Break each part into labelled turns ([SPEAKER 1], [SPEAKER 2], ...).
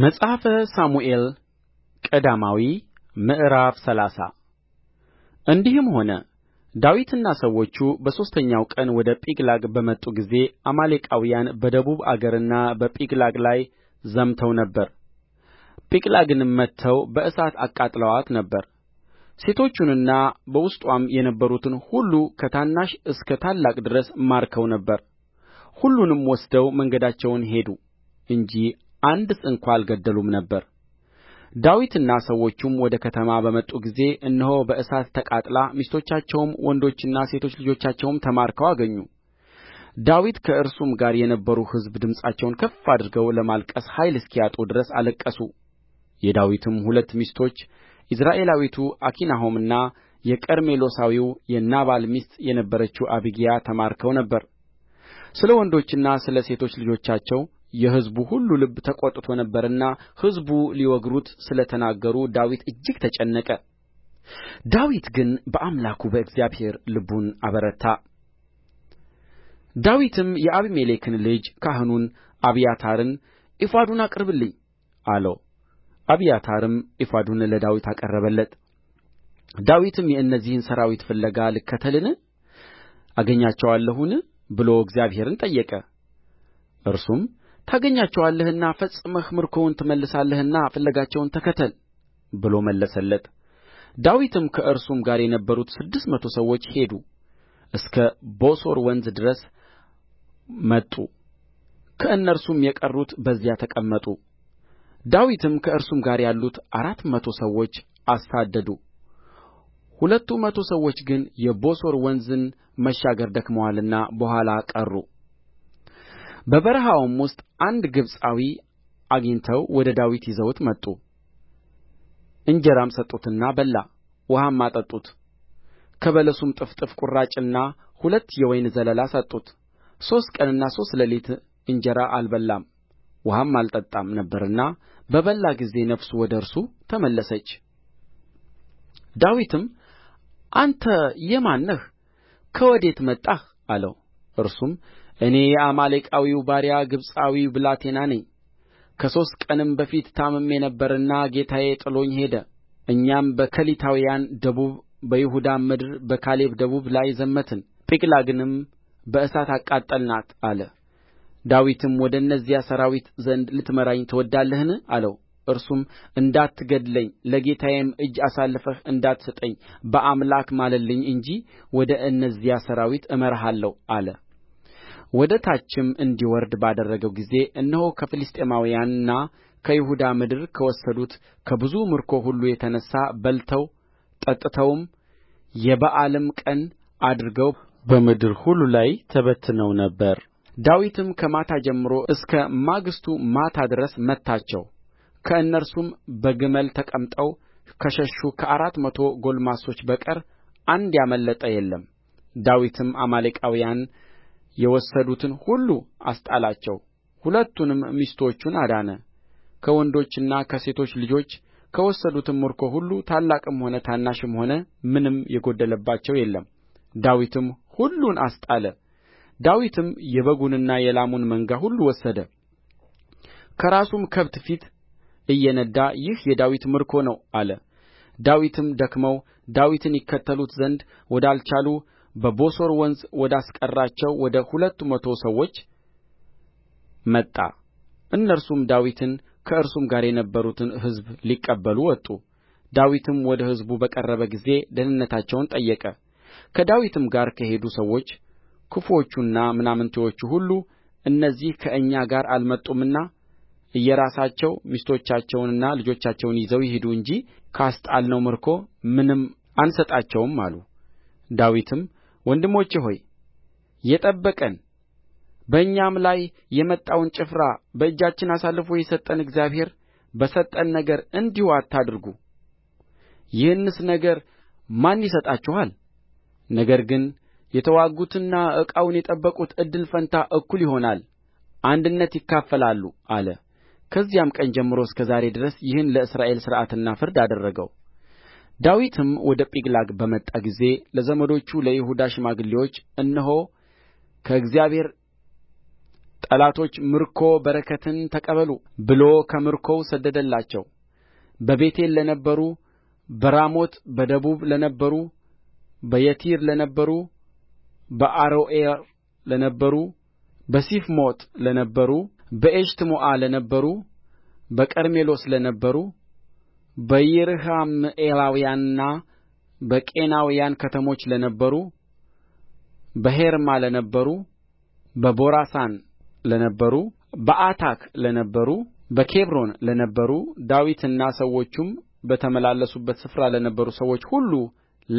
[SPEAKER 1] መጽሐፈ ሳሙኤል ቀዳማዊ ምዕራፍ ሰላሳ እንዲህም ሆነ ዳዊትና ሰዎቹ በሦስተኛው ቀን ወደ ጺቅላግ በመጡ ጊዜ አማሌቃውያን በደቡብ አገርና በጺቅላግ ላይ ዘምተው ነበር። ጺቅላግንም መትተው በእሳት አቃጥለዋት ነበር። ሴቶቹንና በውስጧም የነበሩትን ሁሉ ከታናሽ እስከ ታላቅ ድረስ ማርከው ነበር። ሁሉንም ወስደው መንገዳቸውን ሄዱ እንጂ አንድስ እንኳ አልገደሉም ነበር ዳዊትና ሰዎቹም ወደ ከተማ በመጡ ጊዜ እነሆ በእሳት ተቃጥላ ሚስቶቻቸውም ወንዶችና ሴቶች ልጆቻቸውም ተማርከው አገኙ ዳዊት ከእርሱም ጋር የነበሩ ሕዝብ ድምፃቸውን ከፍ አድርገው ለማልቀስ ኃይል እስኪያጡ ድረስ አለቀሱ የዳዊትም ሁለት ሚስቶች ኢይዝራኤላዊቱ አኪናሆምና የቀርሜሎሳዊው የናባል ሚስት የነበረችው አቢግያ ተማርከው ነበር ስለ ወንዶችና ስለ ሴቶች ልጆቻቸው የሕዝቡ ሁሉ ልብ ተቈጥቶ ነበርና ሕዝቡ ሊወግሩት ስለ ተናገሩ ዳዊት እጅግ ተጨነቀ ዳዊት ግን በአምላኩ በእግዚአብሔር ልቡን አበረታ ዳዊትም የአቢሜሌክን ልጅ ካህኑን አብያታርን ኤፉዱን አቅርብልኝ አለው አብያታርም ኤፉዱን ለዳዊት አቀረበለት ዳዊትም የእነዚህን ሠራዊት ፍለጋ ልከተልን አገኛቸዋለሁን ብሎ እግዚአብሔርን ጠየቀ እርሱም ታገኛቸዋለህና ፈጽመህ ምርኮውን ትመልሳለህና ፍለጋቸውን ተከተል ብሎ መለሰለት ዳዊትም ከእርሱም ጋር የነበሩት ስድስት መቶ ሰዎች ሄዱ እስከ ቦሶር ወንዝ ድረስ መጡ ከእነርሱም የቀሩት በዚያ ተቀመጡ ዳዊትም ከእርሱም ጋር ያሉት አራት መቶ ሰዎች አሳደዱ ሁለቱ መቶ ሰዎች ግን የቦሶር ወንዝን መሻገር ደክመዋልና በኋላ ቀሩ በበረሀውም ውስጥ አንድ ግብጻዊ አግኝተው ወደ ዳዊት ይዘውት መጡ እንጀራም ሰጡትና በላ ውኃም አጠጡት ከበለሱም ጥፍጥፍ ቁራጭና ሁለት የወይን ዘለላ ሰጡት ሦስት ቀንና ሦስት ሌሊት እንጀራ አልበላም ውኃም አልጠጣም ነበርና በበላ ጊዜ ነፍሱ ወደ እርሱ ተመለሰች ዳዊትም አንተ የማን ነህ ከወዴት መጣህ አለው እርሱም እኔ የአማሌቃዊው ባሪያ ግብጻዊ ብላቴና ነኝ ከሦስት ቀንም በፊት ታምሜ ነበርና ጌታዬ ጥሎኝ ሄደ እኛም በከሊታውያን ደቡብ በይሁዳም ምድር በካሌብ ደቡብ ላይ ዘመትን ጺቅላግንም በእሳት አቃጠልናት አለ ዳዊትም ወደ እነዚያ ሠራዊት ዘንድ ልትመራኝ ትወድዳለህን አለው እርሱም እንዳትገድለኝ ለጌታዬም እጅ አሳልፈህ እንዳትሰጠኝ በአምላክ ማልልኝ እንጂ ወደ እነዚያ ሠራዊት እመራሃለሁ አለ ወደ ታችም እንዲወርድ ባደረገው ጊዜ እነሆ ከፍልስጥኤማውያንና ከይሁዳ ምድር ከወሰዱት ከብዙ ምርኮ ሁሉ የተነሣ በልተው ጠጥተውም የበዓልም ቀን አድርገው በምድር ሁሉ ላይ ተበትነው ነበር። ዳዊትም ከማታ ጀምሮ እስከ ማግስቱ ማታ ድረስ መታቸው። ከእነርሱም በግመል ተቀምጠው ከሸሹ ከአራት መቶ ጎልማሶች በቀር አንድ ያመለጠ የለም። ዳዊትም አማሌቃውያን የወሰዱትን ሁሉ አስጣላቸው ሁለቱንም ሚስቶቹን አዳነ ከወንዶችና ከሴቶች ልጆች ከወሰዱትም ምርኮ ሁሉ ታላቅም ሆነ ታናሽም ሆነ ምንም የጐደለባቸው የለም ዳዊትም ሁሉን አስጣለ ዳዊትም የበጉንና የላሙን መንጋ ሁሉ ወሰደ ከራሱም ከብት ፊት እየነዳ ይህ የዳዊት ምርኮ ነው አለ ዳዊትም ደክመው ዳዊትን ይከተሉት ዘንድ ወዳልቻሉ በቦሶር ወንዝ ወዳስቀራቸው ወደ ሁለት መቶ ሰዎች መጣ እነርሱም ዳዊትን ከእርሱም ጋር የነበሩትን ሕዝብ ሊቀበሉ ወጡ ዳዊትም ወደ ሕዝቡ በቀረበ ጊዜ ደኅንነታቸውን ጠየቀ ከዳዊትም ጋር ከሄዱ ሰዎች ክፉዎቹና ምናምንቴዎቹ ሁሉ እነዚህ ከእኛ ጋር አልመጡምና እየራሳቸው ሚስቶቻቸውንና ልጆቻቸውን ይዘው ይሂዱ እንጂ ካስጣልነው ምርኮ ምንም አንሰጣቸውም አሉ ዳዊትም ወንድሞቼ ሆይ የጠበቀን በእኛም ላይ የመጣውን ጭፍራ በእጃችን አሳልፎ የሰጠን እግዚአብሔር በሰጠን ነገር እንዲሁ አታድርጉ ይህንስ ነገር ማን ይሰጣችኋል ነገር ግን የተዋጉትና ዕቃውን የጠበቁት እድል ፈንታ እኩል ይሆናል አንድነት ይካፈላሉ አለ ከዚያም ቀን ጀምሮ እስከ ዛሬ ድረስ ይህን ለእስራኤል ሥርዓትና ፍርድ አደረገው ዳዊትም ወደ ጺቅላግ በመጣ ጊዜ ለዘመዶቹ ለይሁዳ ሽማግሌዎች እነሆ ከእግዚአብሔር ጠላቶች ምርኮ በረከትን ተቀበሉ ብሎ ከምርኮው ሰደደላቸው በቤቴል ለነበሩ በራሞት በደቡብ ለነበሩ በየቲር ለነበሩ በአሮዔር ለነበሩ በሲፍሞት ለነበሩ በኤሽትሞዓ ለነበሩ በቀርሜሎስ ለነበሩ በይረሕምኤላውያንና በቄናውያን ከተሞች ለነበሩ በሔርማ ለነበሩ በቦራሣን ለነበሩ በዓታክ ለነበሩ በኬብሮን ለነበሩ ዳዊትና ሰዎቹም በተመላለሱበት ስፍራ ለነበሩ ሰዎች ሁሉ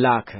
[SPEAKER 1] ላከ